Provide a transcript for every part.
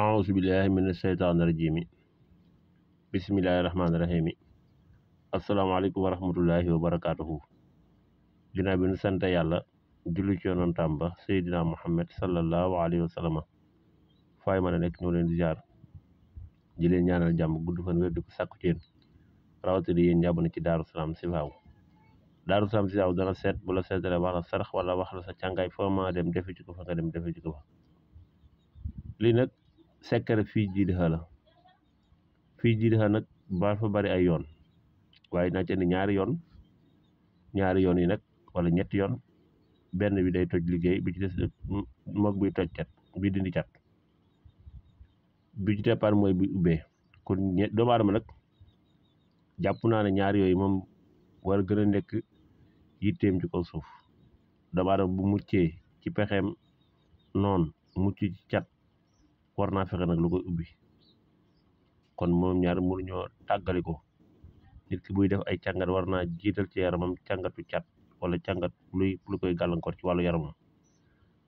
aousubillahi mina sheytaani rajiimi bisimillahi rahmaani rahiimi asalaamaaleykum wa rahmatullahi wa barakaatuhu ginnaaw bi nu sant yàlla julli ci yonantam ba seydina muhammad sallallahu alayhi wa sallama faay mën a nekk ñoo leen di jaar di leen ñaanal jàmm gudd fan wér di ko sàkku ci yéen rawatina yéen njàpp ci daaru salaam si faaw daaru salaam si faaw dana seet bu seetale wax la sarax wala wax sa càngaay foo ma dem defe ci ko fa nga dem defe ci ko sekkare fii jiidixa la fii jiidixa nag ba fa bari ay yoon waaye naa ci ñaari yoon ñaari yoon yi nag wala ñetti yoon benn bi day toj liggéey bi ci des moog buy toj cat bi dindi cat bi ci départ mooy bi ubbee kon doomu aadama nag jàpp naa ne ñaari yooyu moom war a gën a nekk yitteem ci kaw suuf doomu bu muccee ci pexeem noon mucc cat war naa fexe nag lu koy ubbi kon moom ñaar mënuñoo tàggali ko nit ki buy def ay càngat war naa jiital ci yaramam càngatu cat wala càngat luy lu koy gàllankoor ci wàllu yaramam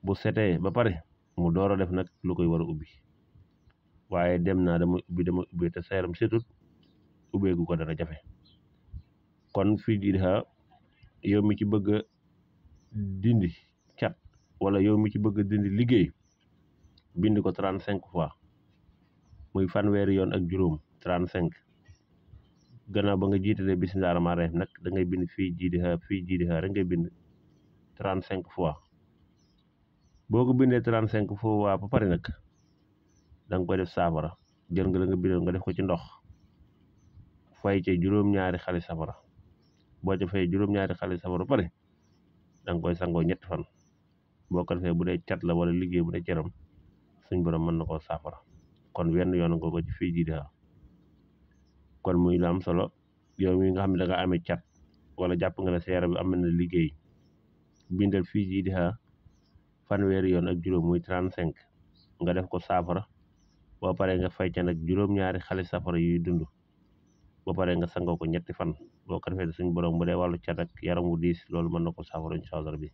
bu setee ba pare mu door def nag lu koy war a ubbi waaye dem naa damay ubbi damay ubbi te sa yaram setut ubbeegu ko dana jafe kon fii di yow mi ci bëgg a dindi cat wala yow mi ci bëgg dindi liggéey bind ko trente cinq fois muy fanweeri yoon ak juróom trente cinq gannaaw ba nga jiitalee bisimilah rahmaani rahiim nag dangay bind fii jiidi xaar fii jiidi xaar rek ngay bind trente cinq fois boo ko bindee trente cinq fois ba pare nag da nga koy def saafara jël nga la nga bindoon nga def ko ci ndox fay ca juróom-ñaari xale safara boo ca fay juróom-ñaari xale safara pare da koy sangoo ñetti fan boo ko defee bu dee cat la wala liggéey bu dee ceram suñ borom mën na koo saafara kon wenn yoon nga ko ci fii ji daal kon muy la am solo yow mi nga xam ne da nga amee cat wala jàpp nga ne sa yaram bi am na liggéey bindal fii ji diha fanweeri yoon ak juróom cinq nga def ko saafara boo paree nga fay ca nag juróom xale safara yuy dund boo pare nga sangoo ko ñetti fan boo ko defee suñ borom bu dee wàllu cat ak yaram wu diis loolu mën na ko saafara incha allah bi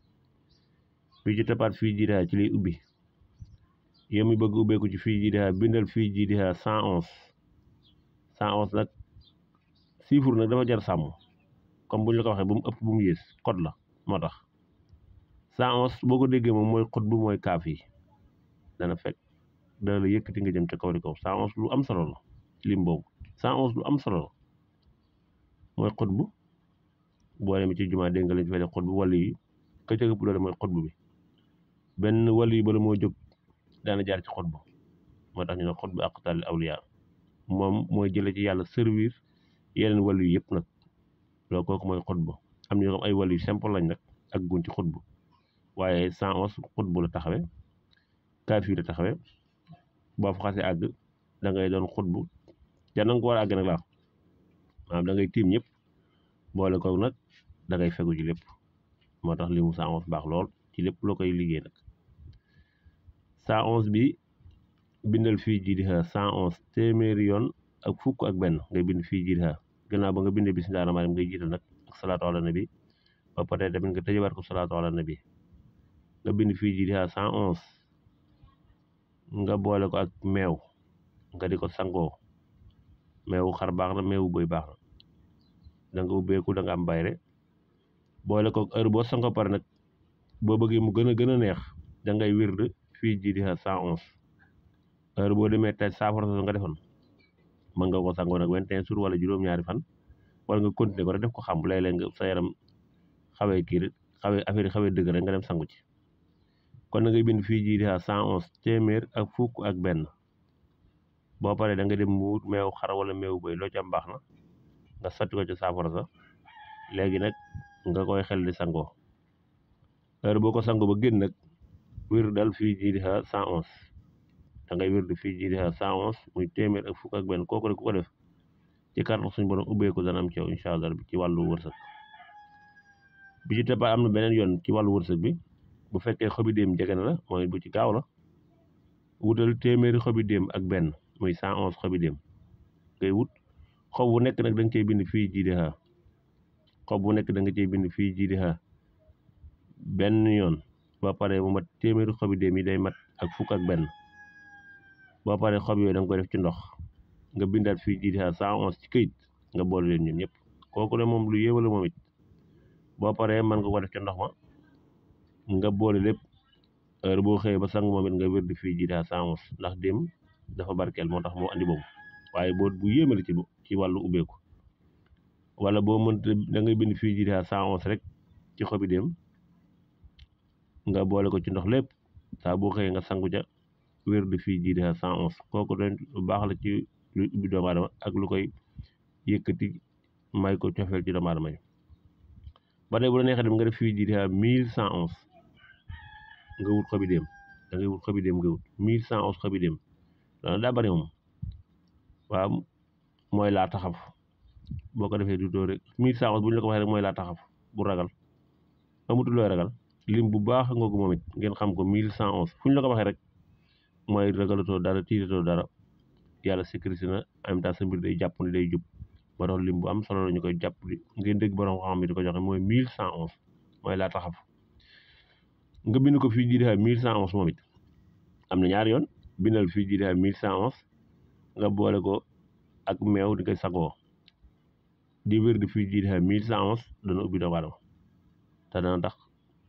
fii ci toppaat fii ji ci liy ubbi. yow mi bëgg ubbeeku ci fii jiidihaa bindal fii jiidihaa cent onze cent onze nag chiffre nag dafa jar sàmm comme bu ñu la ko waxee bu mu ëpp bu mu yées code la moo tax cent onze boo ko déggee moom mooy code bu mooy kaaf yi dana fekk dana la yëkkati nga jëm ca kaw di kaw cent onze lu am solo la ci lim boobu cent onze lu am solo la mooy xut bu boo demee ci jumaa dégg nga lañ fay def bu wàll yi ka ca bu doole mooy xut bu bi benn wàll yi bala moo jóg daana jaar ci xutba moo tax ñu ne xutba tali awliya moom mooy jële ci yàlla servir yeneen wàllu yëpp nag loo kook mooy xutba am na ñoo ay wàllu yu simple lañ nag ak gun ci xutba waaye cent onze xutba la taxawe kaafi la taxawe boo fa xasee àgg da ngay doon xutbu te na nga ko war a àgg nag da ngay tiim ñëpp boole ko nag dangay ngay ci lépp moo tax li mu cent onze baax lool ci lépp loo koy liggéey nag cent onze bi bindal fii jiidiha cent onze téeméeri yoon ak fukk ak benn ngay bind fii jiidiha gannaaw ba nga bindee bismillaahi rahmaani rahiim ngay jiital nag ak salaatu ala nabi ba pare tamit nga tëjëwaat ko salaatu ala nabi nga bind fii jiidiha cent onze nga boole ko ak meew nga di ko sangoo meewu xar baax na meewu bëy baax na da nga ubbeeku da nga am bayre boole ko heure boo sangoo pare nag boo bëggee mu gën a gën a neex da ngay wird fii jiriha cent onze heure boo demee taj saafara soosu nga defoon mën nga ko sangoo nag vingt et un wala juróom-ñaari fan wala nga continuer ko a def ko xam léeg-léeg nga sa yaram xawee kii rek xawee affaire yi xawee dëgg rek nga dem sangu ci kon na ngay bind fii jiriha cent onze téeméer ak fukk ak benn boo paree da nga dem mu meew xar wala meew bëy loo ci am baax na nga sat ko ci saafara sa léegi nag nga koy xel di sangoo heure boo ko sangoo ba génn nag wirdal fii jiidiha cent onze da ngay wirdu fii jiidiha cent onze muy téeméer ak fukk ak benn kooku rek ku ko def ci kàttan suñu borom ubbeeku dana am ci ci wàllu wërsëg bi ci tëbba na beneen yoon ci wàllu wërsëg bi bu fekkee xobi déem jege na la mooy bu ci gaaw la wutal téeméeri xobi déem ak benn muy cent onze xobi déem ngay wut xob bu nekk nag da nga bind fii jiidiha xob bu nekk danga nga bind fii jiidiha benn yoon ba pare mu mat téeméeri xobi déem yi day mat ak fukk ak benn ba pare xob yooyu da nga koy def ci ndox nga bindaat fii jiite cent onze ci kayit nga boole leen ñoom ñëpp kooku ne moom lu yéwale moom boo paree mën nga ko ca ndox ma nga boole lépp heure boo xëyee ba sang moom nga wér di fii jiite cent onze ndax dém dafa barkeel moo tax moo andi boobu waaye boo bu yéemale ci ci wàllu ubbeeku wala boo mënta da ngay bind fii jiite cent onze rek ci xobi déem nga boole ko ci ndox lépp saa boo xëyee nga sangu ja wér di fii jiite cent onze kooku doon lu baax la ci lu ubbi doomu aadama ak lu koy yëkkati may ko cofeel ci doomu aadama yi ba tey nga def fii jiite mille cent onze nga wut xobi dem da ngay wut xobi dem nga wut mille cent onze xobi dem loolu daa waaw mooy laa taxaf boo ko defee du dóor rek mille cent onze bu ñu la ko waxee rek mooy laa taxaf bu ragal amutul looy ragal. lim bu baax nga ko moom it ngeen xam ko 1111 fu ñu la ko waxee rek mooy ragalatoo dara tiitatoo dara yàlla sécurité na en même temps sa day jàpp de day jub moo tax lim bu am solo la ñu koy jàpp di ngeen dégg borom xam-xam bi di ko joxe mooy 1111 mooy laa taxaf nga bind ko fii jiidaa 1111 moom it am na ñaari yoon bindal fii jiidaa 1111 nga boole ko ak meew di koy sagoo di wér di fii jiidaa 1111 dana ubbi doomu aadama te dana tax.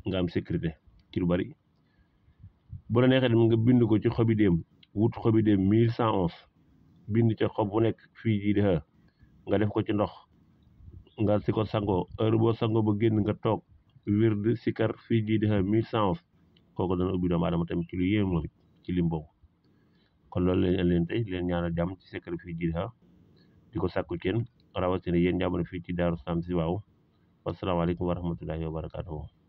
nga am sécurité ci lu bari bu la neexee dem nga bind ko ci xobi déem wut xobi déem mille cent onze bind ci xob bu nekk fii ji di nga def ko ci ndox nga si ko sango heure boo sango ba génn nga toog wird sikar fii ji a mille cent onze kooku dana ubbi doomu aadama tamit ci lu yéem moom ci lim boobu kon loolu lañ leen tey leen ñaanal jàmm ci secret fii ji di ko sàkku kenn rawatina yéen jàmm na fii ci Daaru Salaam si waaw wasalaamaaleykum wa rahmatullahi wa barakaatuhu